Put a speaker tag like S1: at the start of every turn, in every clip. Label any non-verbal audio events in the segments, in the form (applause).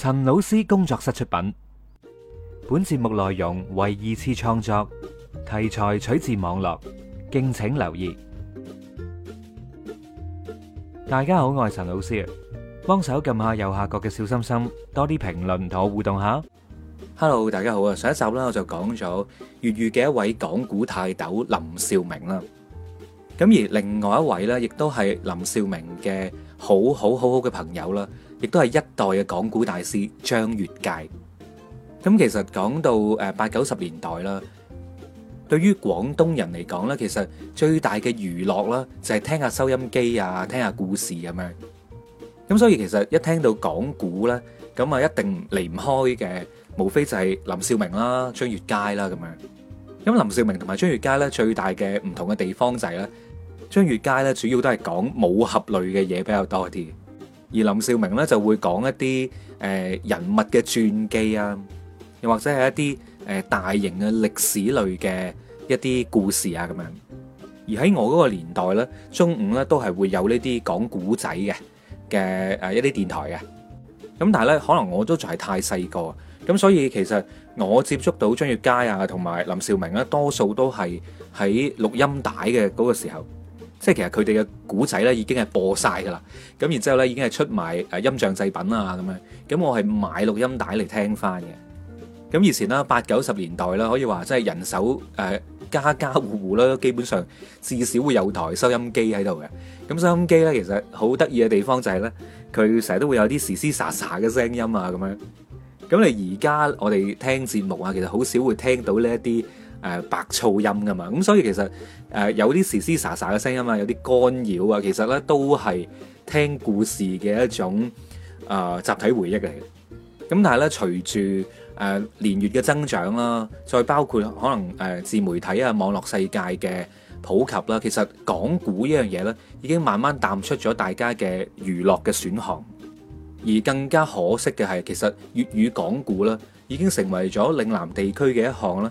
S1: 陳老師工作室出品，本節目內容為二次創作題材取自網絡，敬請留意。大家好，我係陳老師，幫手撳下右下角嘅小心心，多啲評論同我互動下。Hello，大家好，上一集啦，我就講咗粵語嘅一位講古泰斗林兆明。咁而另外一位呢，亦都係林兆明嘅好好好好嘅朋友啦，亦都係一代嘅講古大師張悅楷。咁其實講到誒八九十年代啦，對於廣東人嚟講咧，其實最大嘅娛樂啦，就係聽下收音機啊，聽下故事咁樣。咁所以其實一聽到講古咧，咁啊一定離唔開嘅，無非就係林兆明啦、張悅楷啦咁樣。咁林兆明同埋張悅楷咧，最大嘅唔同嘅地方就係咧。張月佳咧，主要都係講武俠類嘅嘢比較多啲，而林兆明咧就會講一啲誒人物嘅傳記啊，又或者係一啲誒大型嘅歷史類嘅一啲故事啊咁樣。而喺我嗰個年代咧，中午咧都係會有呢啲講古仔嘅嘅誒一啲電台嘅。咁但係咧，可能我都仲係太細個，咁所以其實我接觸到張悦楷啊，同埋林兆明咧，多數都係喺錄音帶嘅嗰個時候。即係其實佢哋嘅古仔咧已經係播晒㗎啦，咁然之後咧已經係出賣誒音像製品啊咁樣，咁我係買錄音帶嚟聽翻嘅。咁以前啦，八九十年代啦，可以話即係人手誒家家戶戶啦，基本上至少會有台收音機喺度嘅。咁收音機咧其實好得意嘅地方就係、是、咧，佢成日都會有啲嘶嘶沙沙嘅聲音啊咁樣。咁你而家我哋聽節目啊，其實好少會聽到呢一啲誒白噪音噶嘛。咁所以其實。誒有啲嘶嘶沙沙嘅聲音嘛，有啲乾擾啊，其實咧都係聽故事嘅一種誒集體回憶嚟嘅。咁但係咧，隨住誒年月嘅增長啦，再包括可能誒自媒體啊、網絡世界嘅普及啦，其實講古呢樣嘢咧，已經慢慢淡出咗大家嘅娛樂嘅選項。而更加可惜嘅係，其實粵語講古啦，已經成為咗嶺南地區嘅一項啦，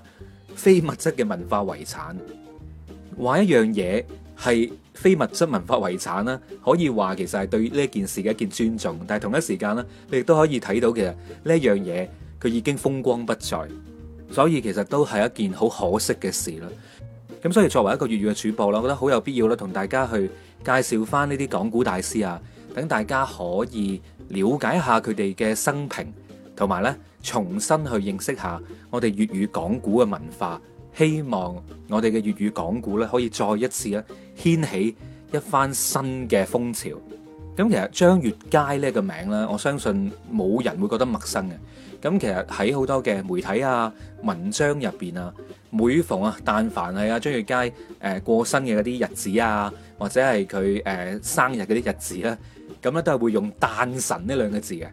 S1: 非物質嘅文化遺產。話一樣嘢係非物質文化遺產啦，可以話其實係對呢件事嘅一件尊重，但係同一時間呢，你亦都可以睇到其實呢一樣嘢佢已經風光不再，所以其實都係一件好可惜嘅事啦。咁所以作為一個粵語嘅主播啦，我覺得好有必要啦，同大家去介紹翻呢啲講古大師啊，等大家可以了解下佢哋嘅生平，同埋呢，重新去認識下我哋粵語講古嘅文化。希望我哋嘅粵語講古咧，可以再一次咧掀起一番新嘅風潮。咁其實張悅楷呢個名咧，我相信冇人會覺得陌生嘅。咁其實喺好多嘅媒體啊、文章入邊啊，每逢啊，但凡係阿張悅楷誒過身嘅嗰啲日子啊，或者係佢誒生日嗰啲日子咧，咁咧都係會用誕辰呢兩個字嘅。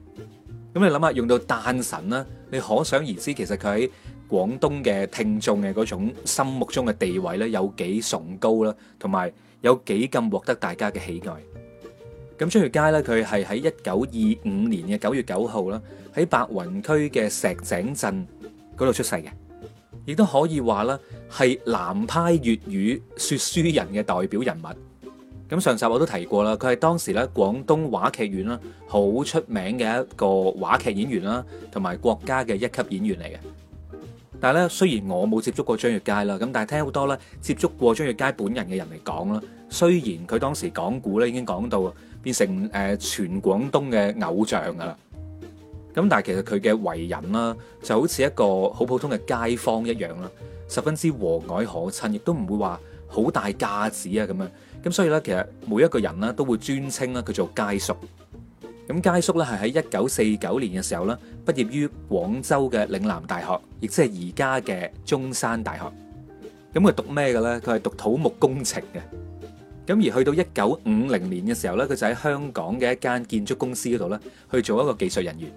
S1: 咁你諗下，用到誕辰啦，你可想而知其實佢廣東嘅聽眾嘅嗰種心目中嘅地位咧，有幾崇高啦，同埋有幾咁獲得大家嘅喜愛。咁張悅楷咧，佢係喺一九二五年嘅九月九號啦，喺白雲區嘅石井鎮嗰度出世嘅，亦都可以話啦，係南派粵語説書人嘅代表人物。咁上集我都提過啦，佢係當時咧廣東話劇院啦，好出名嘅一個話劇演員啦，同埋國家嘅一級演員嚟嘅。但係咧，雖然我冇接觸過張悅楷啦，咁但係聽好多咧接觸過張悅楷本人嘅人嚟講啦，雖然佢當時講古咧已經講到變成誒全廣東嘅偶像㗎啦，咁但係其實佢嘅為人啦就好似一個好普通嘅街坊一樣啦，十分之和藹可親，亦都唔會話好大架子啊咁樣，咁所以咧其實每一個人咧都會尊稱啦佢做楷叔。咁佳叔咧係喺一九四九年嘅時候咧，畢業於廣州嘅嶺南大學，亦即係而家嘅中山大學。咁佢讀咩嘅咧？佢係讀土木工程嘅。咁而去到一九五零年嘅時候咧，佢就喺香港嘅一間建築公司嗰度咧去做一個技術人員。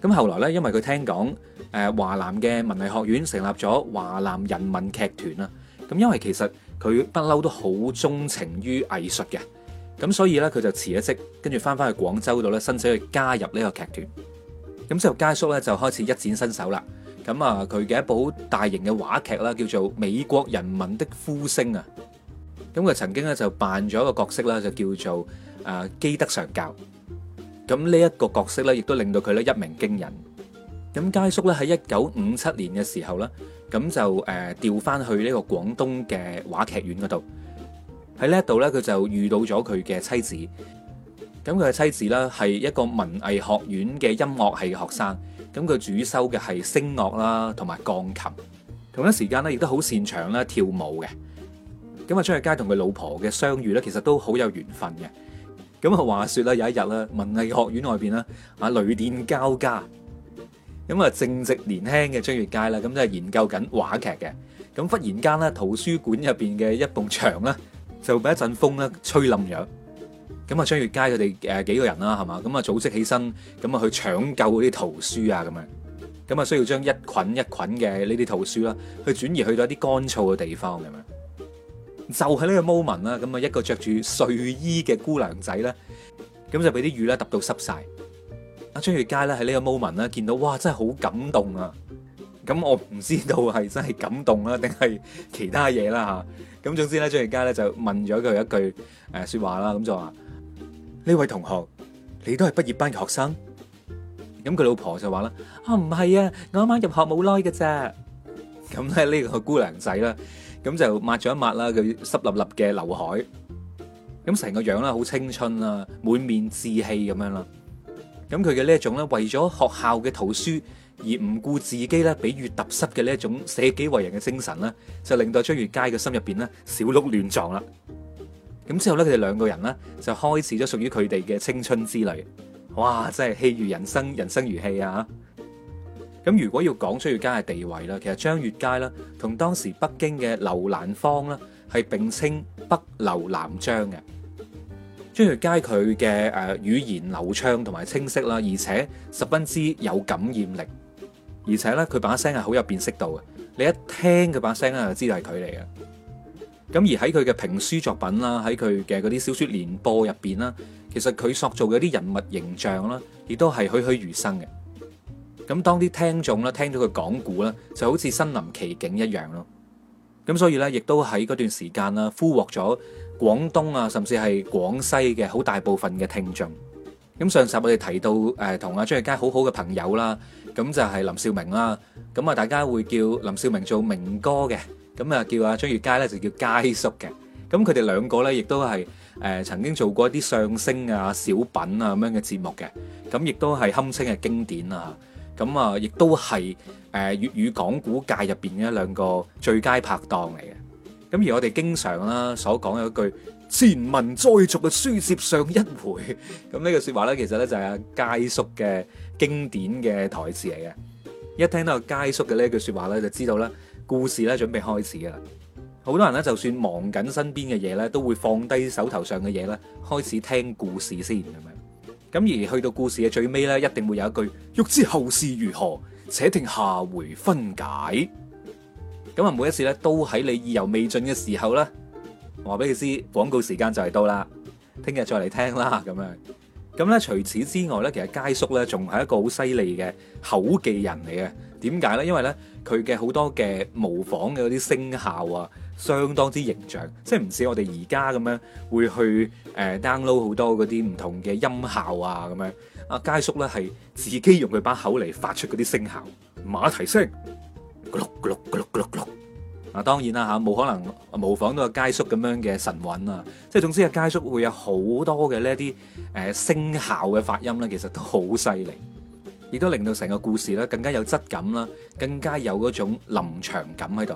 S1: 咁後來咧，因為佢聽講，誒，華南嘅文藝學院成立咗華南人民劇團啊。咁因為其實佢不嬲都好鍾情於藝術嘅。咁所以咧，佢就辭咗職，跟住翻翻去廣州度咧，申請去加入呢個劇團。咁之後，佳叔咧就開始一展身手啦。咁啊，佢嘅一部大型嘅話劇啦，叫做《美國人民的呼聲》啊。咁佢曾經咧就扮咗一個角色啦，就叫做啊基德上校。咁呢一個角色咧，亦都令到佢咧一鳴驚人。咁佳叔咧喺一九五七年嘅時候咧，咁就誒調翻去呢個廣東嘅話劇院嗰度。喺呢一度咧，佢就遇到咗佢嘅妻子。咁佢嘅妻子咧，係一個文藝學院嘅音樂系學生。咁佢主修嘅係聲樂啦，同埋鋼琴。同一時間咧，亦都好擅長啦跳舞嘅。咁啊，張悅楷同佢老婆嘅相遇咧，其實都好有緣分嘅。咁啊，話說咧有一日啦，文藝學院外邊啦啊，雷電交加。咁啊，正值年輕嘅張悅楷啦，咁就係研究緊話劇嘅。咁忽然間咧，圖書館入邊嘅一埲牆咧。就俾一陣風咧吹冧咗，咁啊張悅楷佢哋誒幾個人啦，係嘛？咁啊組織起身，咁啊去搶救嗰啲圖書啊，咁樣，咁啊需要將一捆一捆嘅呢啲圖書啦，去轉移去到一啲乾燥嘅地方咁樣。就係呢個 moment 啦，咁啊一個著住睡衣嘅姑娘仔咧，咁就俾啲雨咧揼到濕晒。阿張悅楷咧喺呢個 moment 咧見到，哇！真係好感動啊！咁我唔知道係真係感動啦，定係其他嘢啦嚇。咁總之咧，張怡佳咧就問咗佢一句誒說話啦，咁就話，呢位同學，你都係畢業班嘅學生？咁佢老婆就話啦：啊唔係啊，我啱啱入學冇耐嘅啫。咁咧呢個姑娘仔啦，咁就抹咗一抹啦，佢濕立立嘅劉海，咁成個樣啦，好青春啦，滿面稚氣咁樣啦。咁佢嘅呢一種咧，為咗學校嘅圖書，而唔顧自己咧，俾雨揼濕嘅呢一種捨己為人嘅精神咧，就令到張悅楷嘅心入邊咧小鹿亂撞啦。咁之後咧，佢哋兩個人咧就開始咗屬於佢哋嘅青春之旅。哇！真係戲如人生，人生如戲啊！咁如果要講張悅楷嘅地位啦，其實張悅楷啦同當時北京嘅劉蘭芳啦係並稱北劉南張嘅。張悅楷佢嘅誒語言流暢同埋清晰啦，而且十分之有感染力。而且咧，佢把聲係好有辨識度嘅，你一聽佢把聲咧，就知道係佢嚟嘅。咁而喺佢嘅評書作品啦，喺佢嘅嗰啲小說連播入邊啦，其實佢塑造嘅啲人物形象啦，亦都係栩栩如生嘅。咁當啲聽眾咧聽到佢講古啦，就好似身臨其境一樣咯。咁所以咧，亦都喺嗰段時間啦，俘獲咗廣東啊，甚至係廣西嘅好大部分嘅聽眾。咁上集我哋提到誒，同阿張悅楷好好嘅朋友啦。咁就係林兆明啦，咁啊大家會叫林兆明做明哥嘅，咁啊叫啊張悅楷咧就叫楷叔嘅，咁佢哋兩個咧亦都係誒曾經做過一啲相聲啊、小品啊咁樣嘅節目嘅，咁亦都係堪稱係經典啊，咁啊亦都係誒粵語講古界入邊嘅一兩個最佳拍檔嚟嘅，咁而我哋經常啦所講有一句。前文再續嘅書接上一回，咁呢句說話呢，其實呢就係阿佳叔嘅經典嘅台詞嚟嘅。一聽到阿佳叔嘅呢句說話呢，就知道呢故事呢準備開始㗎啦。好多人呢，就算忙緊身邊嘅嘢呢，都會放低手頭上嘅嘢呢，開始聽故事先咁樣。咁而去到故事嘅最尾呢，一定會有一句欲知後事如何，且聽下回分解。咁啊，每一次呢，都喺你意猶未盡嘅時候呢。 (laughs) 話俾你知，廣告時間就係到啦，聽日再嚟聽啦咁樣。咁咧，除此之外咧，其實佳叔咧仲係一個好犀利嘅口技人嚟嘅。點解咧？因為咧佢嘅好多嘅模仿嘅嗰啲聲效啊，相當之形象，即係唔似我哋而家咁樣會去誒、呃、download 好多嗰啲唔同嘅音效啊咁樣。阿佳叔咧係自己用佢把口嚟發出嗰啲聲效，馬蹄聲，咕碌咕碌咕碌咕碌碌。嗱，當然啦嚇，冇可能模仿到阿佳叔咁樣嘅神韻啊！即係總之阿佳叔會有好多嘅呢啲誒聲效嘅發音咧，其實都好犀利，亦都令到成個故事咧更加有質感啦，更加有嗰種臨場感喺度。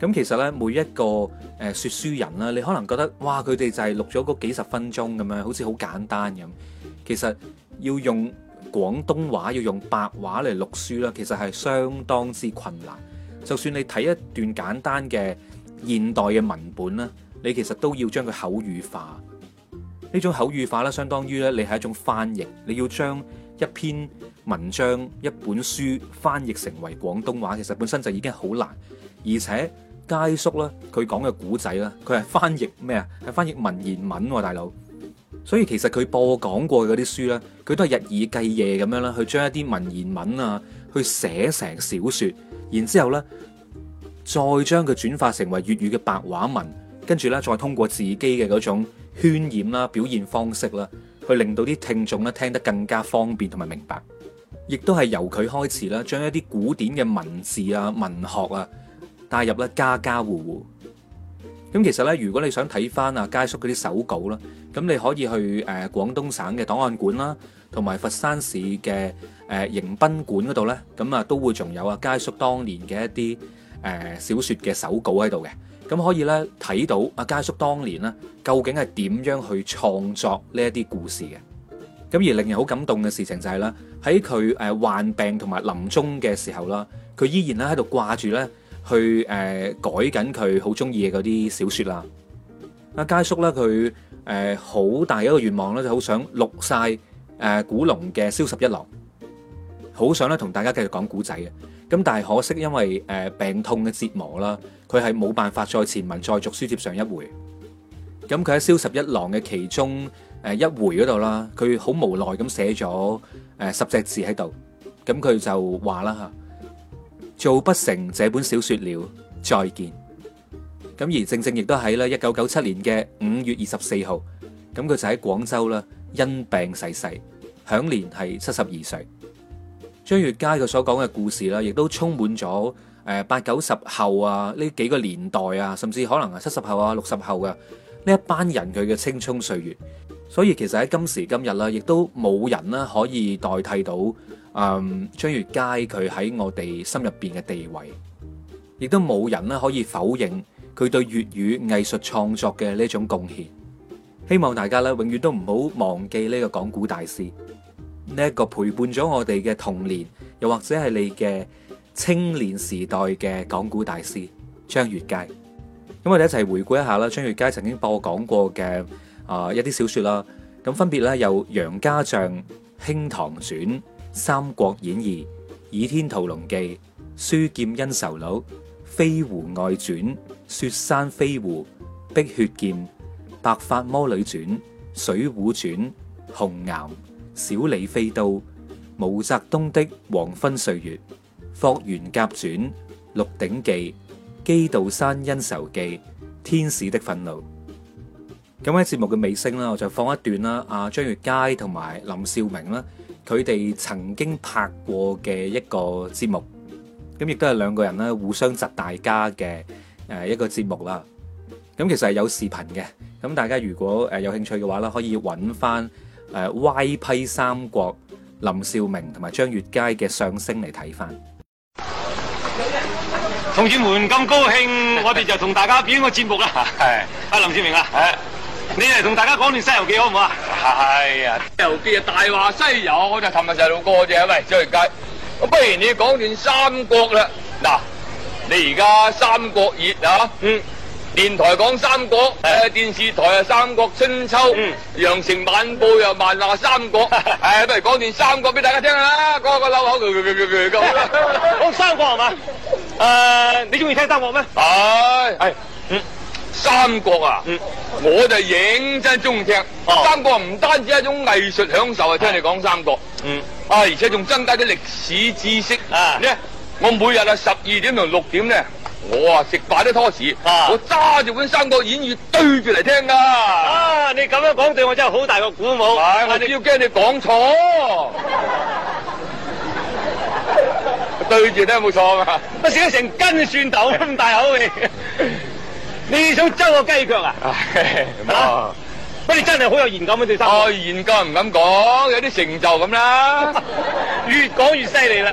S1: 咁其實咧，每一個誒説書人啦，你可能覺得哇，佢哋就係錄咗嗰幾十分鐘咁樣，好似好簡單咁。其實要用廣東話要用白話嚟錄書啦，其實係相當之困難。就算你睇一段簡單嘅現代嘅文本咧，你其實都要將佢口語化。呢種口語化咧，相當於咧，你係一種翻譯，你要將一篇文章、一本書翻譯成為廣東話，其實本身就已經好難。而且佳叔咧，佢講嘅古仔啦，佢係翻譯咩啊？係翻譯文言文喎，大佬。所以其實佢播講過嗰啲書咧，佢都係日以繼夜咁樣啦，去將一啲文言文啊，去寫成小説。然之後呢，再將佢轉化成為粵語嘅白話文，跟住呢，再通過自己嘅嗰種渲染啦、表現方式啦，去令到啲聽眾咧聽得更加方便同埋明白。亦都係由佢開始啦，將一啲古典嘅文字啊、文學啊帶入咧家家戶戶。咁其實呢，如果你想睇返阿楷叔嗰啲手稿啦，咁你可以去誒廣東省嘅檔案館啦。同埋佛山市嘅誒迎賓館嗰度咧，咁啊都會仲有阿佳叔當年嘅一啲誒小説嘅手稿喺度嘅，咁可以咧睇到阿佳叔當年咧究竟係點樣去創作呢一啲故事嘅，咁而令人好感動嘅事情就係咧喺佢誒患病同埋臨終嘅時候啦，佢依然咧喺度掛住咧去誒改緊佢好中意嘅嗰啲小説啦。阿佳叔咧佢誒好大一個願望咧，就好想錄晒。誒古龍嘅《蕭十一郎》，好想咧同大家繼續講古仔嘅，咁但係可惜因為誒病痛嘅折磨啦，佢係冇辦法再前文再續書接上一回。咁佢喺《蕭十一郎》嘅其中誒一回嗰度啦，佢好無奈咁寫咗誒十隻字喺度，咁佢就話啦嚇：做不成這本小説了，再見。咁而正正亦都喺咧一九九七年嘅五月二十四號，咁佢就喺廣州啦。因病逝世，享年係七十二歲。張悅楷佢所講嘅故事啦，亦都充滿咗誒八九十後啊呢幾個年代啊，甚至可能係七十後啊、六十後啊呢一班人佢嘅青春歲月。所以其實喺今時今日啦，亦都冇人啦可以代替到誒張悅楷佢喺我哋心入邊嘅地位，亦都冇人啦可以否認佢對粵語藝術創作嘅呢種貢獻。希望大家咧永遠都唔好忘記呢個講古大師，呢、這、一個陪伴咗我哋嘅童年，又或者係你嘅青年時代嘅講古大師張悅楷。咁我哋一齊回顧一下啦，張悅楷曾經播講過嘅啊、呃、一啲小説啦，咁分別咧有《楊家將》、《興唐傳》、《三國演義》、《倚天屠龍記》、《書劍恩仇錄》、《飛狐外傳》、《雪山飛狐》、《碧血劍》。《白髮魔女傳》《水滸傳》《紅巖》《小李飛刀》《毛澤東的黃昏歲月》《霍元甲傳》《鹿鼎記》《基度山恩仇記》《天使的憤怒》咁喺節目嘅尾聲啦，我就放一段啦，阿張悅楷同埋林兆明啦，佢哋曾經拍過嘅一個節目，咁亦都係兩個人啦，互相窒大家嘅誒一個節目啦，咁其實係有視頻嘅。咁大家如果誒有興趣嘅話咧，可以揾翻誒歪批《三國》，林兆明同埋張悅楷嘅相聲嚟睇翻。同志們咁高興，
S2: 我哋就同大家表演個節目啦。係、哎，阿林兆明啊，你嚟同大家講段西《西遊記》好唔好啊？係啊，《西遊記》啊，《大話西遊》，我就氹下細路哥啫，喂，咪？張悅楷，咁不如你講段《三國》啦。嗱，你而家《三國》熱啊？嗯。電台講三國，誒，電視台啊三國春秋，羊、嗯、城晚報又漫畫三國，誒、 (laughs) 哎，不如講段三國俾大家聽下啦，個個撈口，講,講,講,講,、呃講,講呃、 (laughs) 三國係嘛？誒，uh, 你中意聽三國咩？係、哎、係、哎，嗯，三國啊，嗯、我就影真係中意聽、哦、三國，唔單止係一種藝術享受啊，聽你講三國，哎、嗯，啊，而且仲增加啲歷史知識啊，咩、哎？我每日啊十二點同六點咧。我啊食飯都拖屎、啊，我揸住本《三國演義》對住嚟聽噶、啊。啊，你咁樣講對我真係好大個鼓舞。我哋要驚你講錯。 (laughs) 對住聽冇錯噶，乜死咗成斤蒜頭咁大口嚟？ (laughs) 你想將我雞腳啊？ (laughs) 啊，不 (laughs) 過、啊、 (laughs) (laughs) (laughs) 你真係好有研究、哦、啊，對 (laughs) 生。我研究唔敢講，有啲成就咁啦，越講越犀利啦。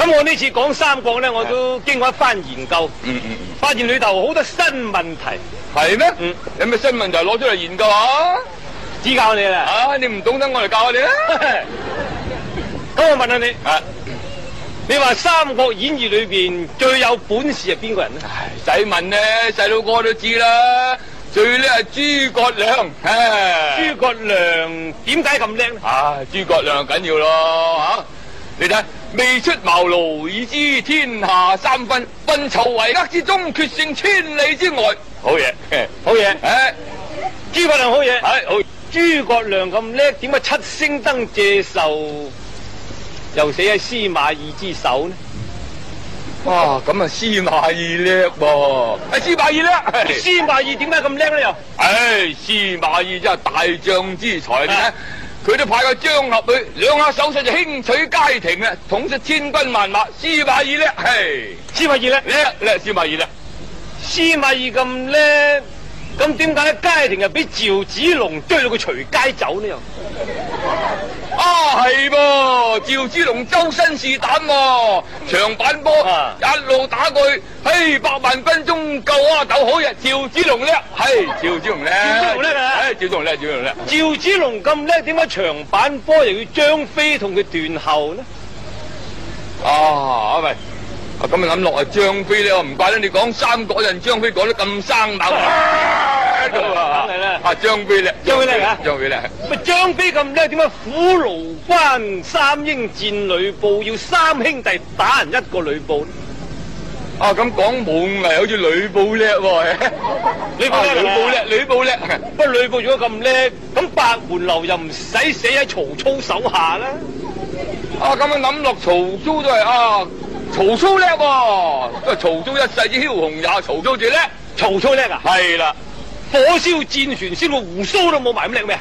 S2: 咁我呢次講三國咧，我都經過一番研究，嗯嗯嗯、發現裏頭好多新問題，係咩、嗯？有咩新問題攞出嚟研究啊？指教你啦、啊。你唔懂得我嚟教下你啦、啊。咁 (laughs) 我問下你，啊、你話三國演義裏邊最有本事係邊個人呢？唉，使問呢，細路哥都知啦。最叻係諸葛亮，諸、啊、葛亮點解咁叻咧？啊，諸葛亮緊要咯，吓、啊、你睇。未出茅廬已知天下三分，運籌帷幄之中決勝千里之外。好嘢 (laughs) 好耶， (laughs) 好嘢，誒，諸葛亮好嘢，誒，諸葛亮咁叻，點解七星燈借壽，又死喺司馬懿之手呢？哇，咁啊 (laughs) 司馬懿、 (laughs) 哎，司馬懿叻噃？啊，司馬懿叻，司馬懿點解咁叻呢？又，唉，司馬懿真係大將之才呢佢都派個張合去，兩下手勢就輕取街庭嘅，統失千軍萬馬。司馬懿叻，嘿，司馬懿叻，叻叻，司馬懿叻。司馬懿咁叻，咁點解街庭又俾趙子龍追到佢隨街走呢？又？ (laughs) 啊，係噃，趙子龍周身是膽，啊，長板坡一路打過去，啊、嘿，百萬軍中救阿斗，好日！趙子龍叻，係，趙子龍叻，趙子龍叻啊，哎，趙子龍叻，趙子龍叻，趙子龍咁叻，點解長板坡又要張飛同佢斷後呢？啊，喂。我今日諗落啊，張飛咧，唔怪得你講三國人張飛講得咁生猛。翻嚟啦！啊，張飛咧，張飛叻啊，張飛叻。咪張飛咁叻，點解虎牢關三英戰呂布，要三兄弟打人一個呂布咧？啊，咁講武藝，好似呂布叻喎。呂布叻，呂布叻，呂布叻。不過呂布如果咁叻，咁白門樓又唔使死喺曹操手下啦。啊，咁樣諗落，曹操都係啊。曹操叻喎，啊，咁曹操一世之梟雄也曹，曹操最叻，曹操叻啊，係啦！火燒戰船燒到鬍鬚都冇埋咁叻咩？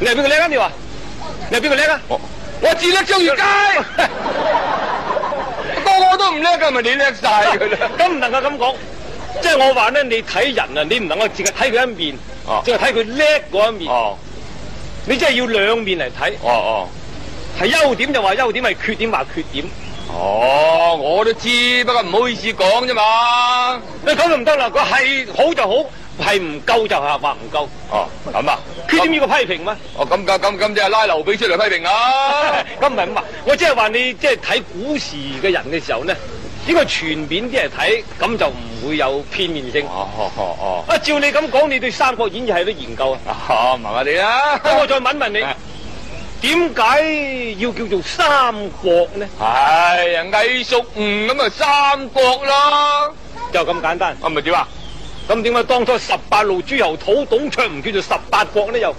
S2: 你係邊個叻啊？你話你係邊個叻啊？我、啊哦、自叻張悅楷， (laughs) 個個都唔叻噶，係、就、咪、是、你叻晒佢咁唔能夠咁講，即係我話呢，你睇人你啊，啊，你唔能夠淨係睇佢一面，淨係睇佢叻嗰一面，你真係要兩面嚟睇。哦哦。係優點就話優點，係缺點話缺點。哦，我都知，不過唔好意思講啫嘛。你講到唔得啦，佢係好就好，係唔夠就係話唔夠。哦，咁啊，缺點要個批評咩？哦，咁咁咁即係拉劉備出嚟批評啊！咁唔係咁話，我只即係話你即係睇古時嘅人嘅時候咧，應該全面啲嚟睇，咁就唔會有片面性。哦哦哦。啊、哦，照你咁講，你對三國演義係都研究啊？哦，麻麻地啦。我再問問你。 (laughs) 點解要叫做三國呢？係、哎、啊，魏淑吳咁啊，三國啦，就咁簡單。咁咪點啊？咁點解當初十八路諸侯討董卓唔叫做十八國呢？又，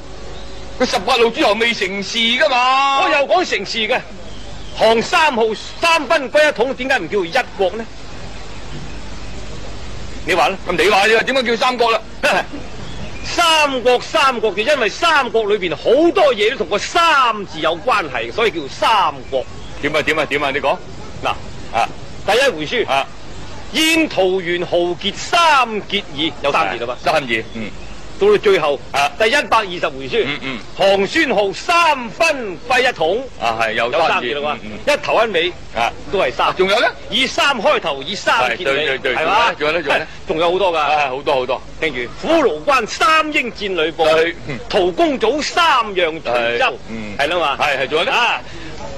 S2: 佢十八路諸侯未成事噶嘛？我又講成事嘅，行三號三分歸一統，點解唔叫做一國呢？你話啦，咁你話啫，點解叫三國啦？ (laughs) 三國，三國就因為三國裏邊好多嘢都同個三字有關係，所以叫三國。點啊？點啊？點啊？你講嗱啊，第一回書啊，宴桃園豪傑三結義，有三傑啊嘛，三結嗯。到到最後、啊，第一百二十回書，嗯嗯、降孫皓三分歸一統，啊係有三字啦嘛，一頭一尾、啊、都係三。仲、啊、有咧，以三開頭，以三結尾，係、啊、嘛？仲有咧，仲有仲有好多噶，好多好多。聽住、啊，虎牢關三英戰呂布，陶恭祖三讓徐州係啦嘛，係係仲有咧。啊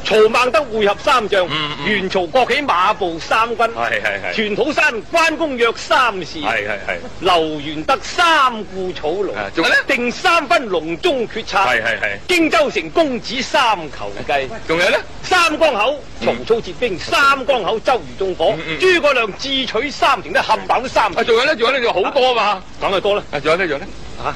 S2: 曹孟德會合三將，袁曹各起馬步三軍，係係係。屯土山關公約三事，係係係。劉玄德三顧草廬，係係係，定三分隆中決策，係係係。荊州城公子三求計，仲有呢？三江口曹操折兵，係係三，江係係三江口周瑜縱火，諸葛亮智取三城，都冚棒都三。仲、啊、有呢？仲有，、啊、有呢？仲好多啊嘛？講得多啦。仲有呢？仲有咧？啊！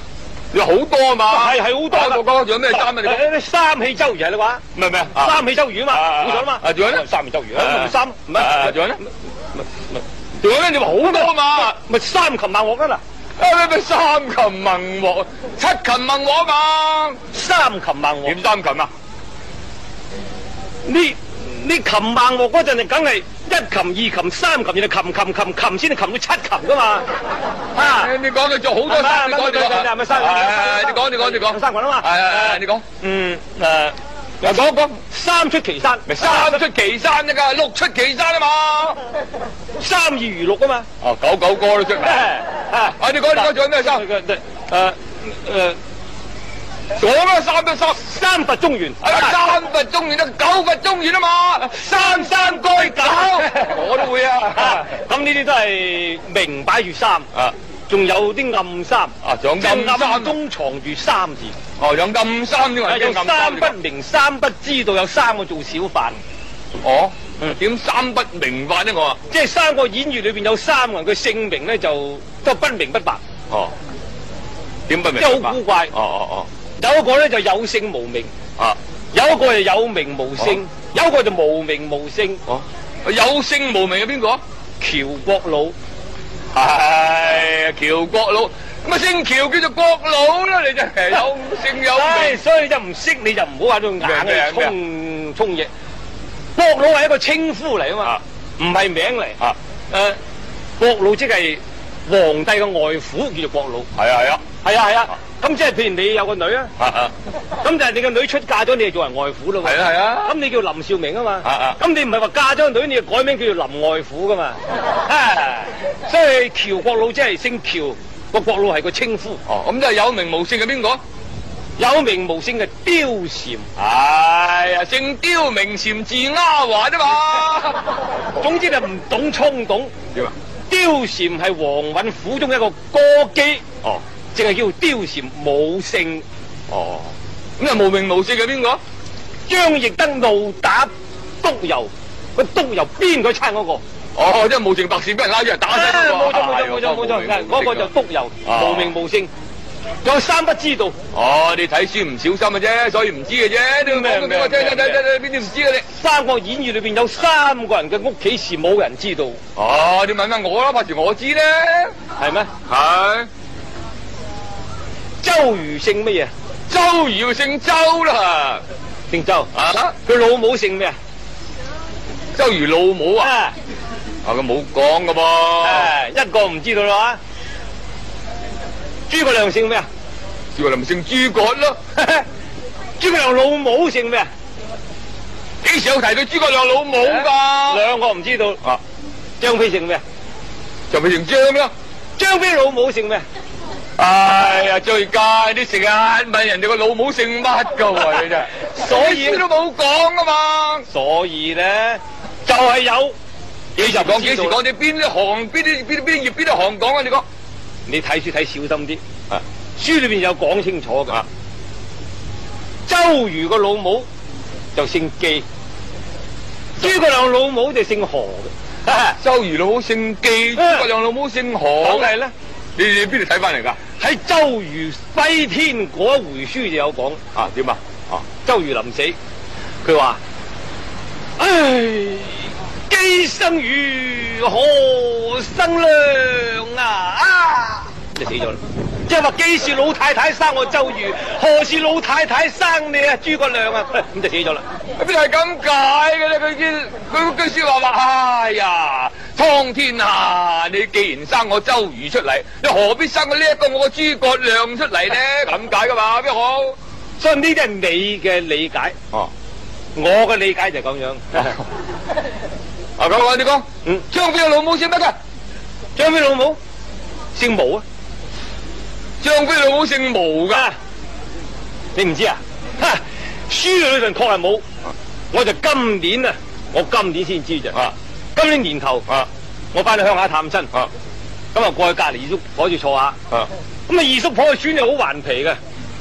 S2: 有好多嘛，係係好多，仲、哎、有咩三,三啊？你咩、啊、三氣周瑜啊，你話？唔係唔係，三氣周瑜啊嘛，好彩嘛。啊，仲有咧？三氣周瑜，三唔係？啊，仲、啊啊、有咧？仲、啊啊、有咧、啊？你話好多啊嘛？咪、啊啊啊啊啊啊、三擒孟獲啦，咪咪三擒孟獲，七擒孟獲嘛？三擒孟獲，點三擒啊？呢你擒孟獲嗰陣，你梗係。你琴一擒二擒三擒，然後擒擒擒擒先至擒到七擒㗎嘛，啊,啊！你講佢做好多三，你講你講你講，係咪三群、啊？你講、哎、你講你講，三群啊嘛，係係你講，嗯、uh,，誒，嗱，講講三出祁山，三出祁山一個六出祁山啊嘛，三二如六啊嘛，哦，九九歌都出，啊，你講你講做咩三？誒誒。 (laughs) 講啦，三筆十，三佛中原，啊、三佛中原九佛中原啊嘛，三三該九， (laughs) 我都會啊。咁呢啲都係明擺住三啊，仲有啲暗三啊，暗三，啊、暗三暗中藏住三字。哦、啊，有暗三添啊，有三不明，三不知道有三個做小販。哦、啊，點三不明白呢？我、嗯、啊，即係三個演員裏邊有三個人，佢姓名呢就都不明不白。哦、啊，點不明白？即係好古怪。哦哦哦。啊有一個咧就有姓無名啊，有一個就有名無姓，啊，有一個就無名無姓，啊啊。有姓無名係邊個？喬國老係喬國老，咁、哎、啊姓喬叫做國老啦，你就有姓有名，哎。所以就唔識你就唔好話種眼嘅沖沖熱。國老係一個稱呼嚟啊嘛，唔係名嚟啊。誒、啊，國老即係皇帝嘅外父叫做國老。係啊係啊，係啊係啊。咁即係譬如你有個女啊，咁、啊啊、就係你個女出嫁咗，你就做人外父咯嘛。係啊係啊。咁、啊啊、你叫林兆明啊嘛。咁、啊啊、你唔係話嫁咗女，你就改名叫做林外父噶嘛啊。啊，所以喬國老即係姓喬，個國老係個稱呼。哦、啊。咁即係有名無姓嘅邊個？有名無姓嘅貂蟬。哎呀，姓貂名蟬字丫鬟啫嘛。總之你唔懂衝動。點啊？貂蟬係王允府中一個歌姬。哦。淨係叫貂蟬無姓哦，咁啊無名無姓嘅邊個？張翼德怒打督郵，個督郵邊個猜嗰個？哦，即係無情白事俾人拉出嚟打，那個。冇咗冇咗冇咗冇咗，嗰個就督郵無名無姓，無無啊那個，無無啊、有三不知道。哦，你睇書唔小心嘅啫，所以唔知嘅啫。你咩？邊邊邊邊邊邊邊邊邊邊邊邊邊邊邊邊邊邊邊邊邊邊邊邊邊邊邊邊邊邊邊邊邊邊邊周瑜姓乜嘢？周瑜要姓周啦，姓周啊！佢老母姓咩啊？周瑜老母啊？啊，佢冇講噶噃。一個唔知道啦。諸葛亮姓咩啊？諸葛亮姓諸葛咯。諸葛亮老母姓咩？幾時有提到諸葛亮老母噶？兩、啊、個唔知道。啊，張飛姓咩？就咪姓張咩、啊？張飛老母姓咩？哎呀，最奸啲成日問人哋個老母姓乜噶喎，你真係， (laughs) 所以都冇講噶嘛。所以咧就係、是、有幾時講，幾時講，你邊啲行，邊啲邊邊業，邊啲行講啊？你講，你睇書睇小心啲啊！書裏邊有講清楚噶、啊，周瑜個老母就姓姬，諸葛亮老母就姓何嘅、啊。周瑜老母姓姬，諸葛亮老母姓何。係啦。你你邊度睇翻嚟噶？喺周瑜西天嗰一回書就有講啊？點啊？啊？周瑜臨死，佢話：唉，既生如何生亮啊？啊！ (laughs) 你就死咗啦！即係話既是老太太生我周瑜，何是老太太生你啊？諸葛亮啊？咁 (laughs) 就死咗啦！邊度係咁解嘅咧？佢佢佢說話啊、哎、呀！蒼天下、啊，你既然生我周瑜出嚟，你何必生我呢、這、一個我嘅諸葛亮出嚟呢？咁解噶嘛？邊好？所以呢啲係你嘅理解哦、啊。我嘅理解就咁樣。啊，講、 (laughs) 啊、你講，嗯，張飛嘅老母姓乜㗎？張飛老母姓毛啊？張飛老母姓毛噶、啊？你唔知啊？哈、啊，書裏邊確係冇、啊，我就今年啊，我今年先知啫。啊今年年頭啊，我翻去鄉下探親啊，咁啊過去隔籬二叔婆處坐下啊，咁啊二叔婆嘅孫又好頑皮嘅，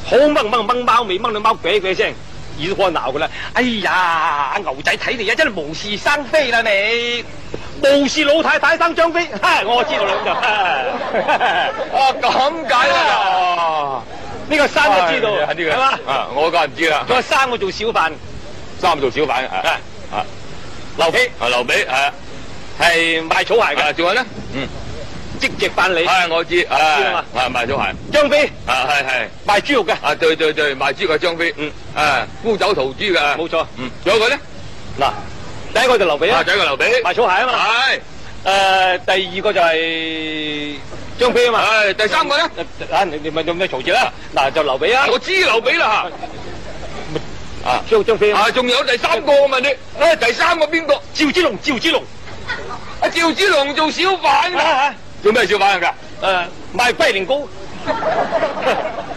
S2: 好掹掹掹貓尾，掹到貓鬼鬼聲，二叔婆鬧佢啦。哎呀，牛仔睇你啊真係無事生非啦你，無事老太太生張飛、哎，我知道兩樣、哎 (laughs) 哎，啊咁解啊，呢、這個生我知道，係、哎啊、我梗係唔知啦。咁生我做小販，三做小販啊、哎哎哎、啊，劉備啊劉備係。哎哎係賣草鞋嘅，仲有咧？嗯，織席販履。係我知，係係賣草鞋。張飛，係係係賣豬肉嘅。啊對對對，賣豬肉係張飛，嗯，誒沽酒屠豬嘅。冇錯，嗯。仲有佢咧？嗱，第一個就劉備啊，第一個劉備賣草鞋啊嘛。係誒，第二個就係張飛啊嘛。係第三個咧？啊你你咪做咩嘈住啦？嗱就劉備啊，我知劉備啦吓，啊張張飛啊，仲有第三個問你，誒第三個邊個？趙子龍，趙子龍。阿趙子龍做小販噶做咩小販嚟噶？誒、啊啊啊，賣龜苓膏。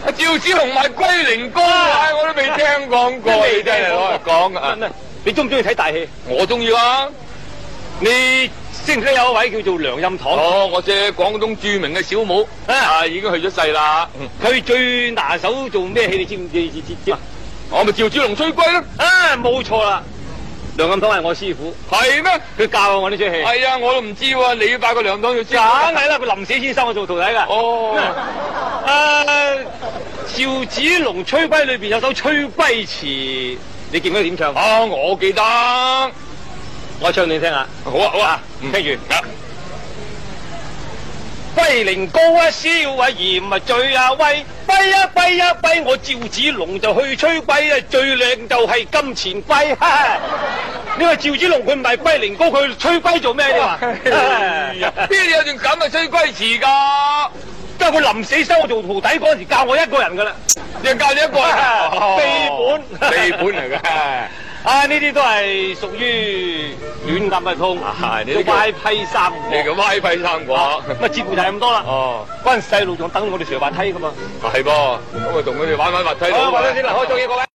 S2: 阿趙子龍賣龜苓膏，我都未聽講過，啊啊。你真係攞嚟講噶啊！你中唔中意睇大戲？我中意啊！你識唔識有一位叫做梁蔭棠？哦，我即係廣東著名嘅小武啊，啊，已經去咗世啦。佢最拿手做咩戲？你知唔知？我咪趙子龍追龜咯。啊，冇錯啦。啊梁金通係我師傅，係咩？佢教我呢出戲，係、哎、啊，我都唔知喎、啊。你要拜個梁東要知、 (laughs) 啊。梗係啦，佢臨死先收我做徒弟噶。哦， (laughs) 啊，趙子龍催歸裏邊有首催歸詞，你記得佢點唱？哦、啊，我記得，我唱你聽下。好啊，好啊，啊聽住、嗯。啊，揮靈弓一燒，威唔係醉啊威。跛呀跛呀跛，我趙子龍就去吹龜啊，最靚就係金錢龜。你話趙子龍佢唔係龜靈哥，佢嚟吹龜做咩？啫，你話邊有段咁嘅吹龜詞噶？都係佢臨死收做徒弟嗰陣時，教我一個人噶啦，又教你一個人，秘、啊哦、本秘本嚟噶。啊啊！呢啲都係屬於亂噏嘅通，叫歪批三寡。你叫歪批三寡，咁啊似乎就係咁多啦。哦、啊，關細路仲等我哋上滑梯噶嘛？係噃，咁啊同佢哋玩玩滑梯。好，滑梯先，嗱，好，作業各位。啊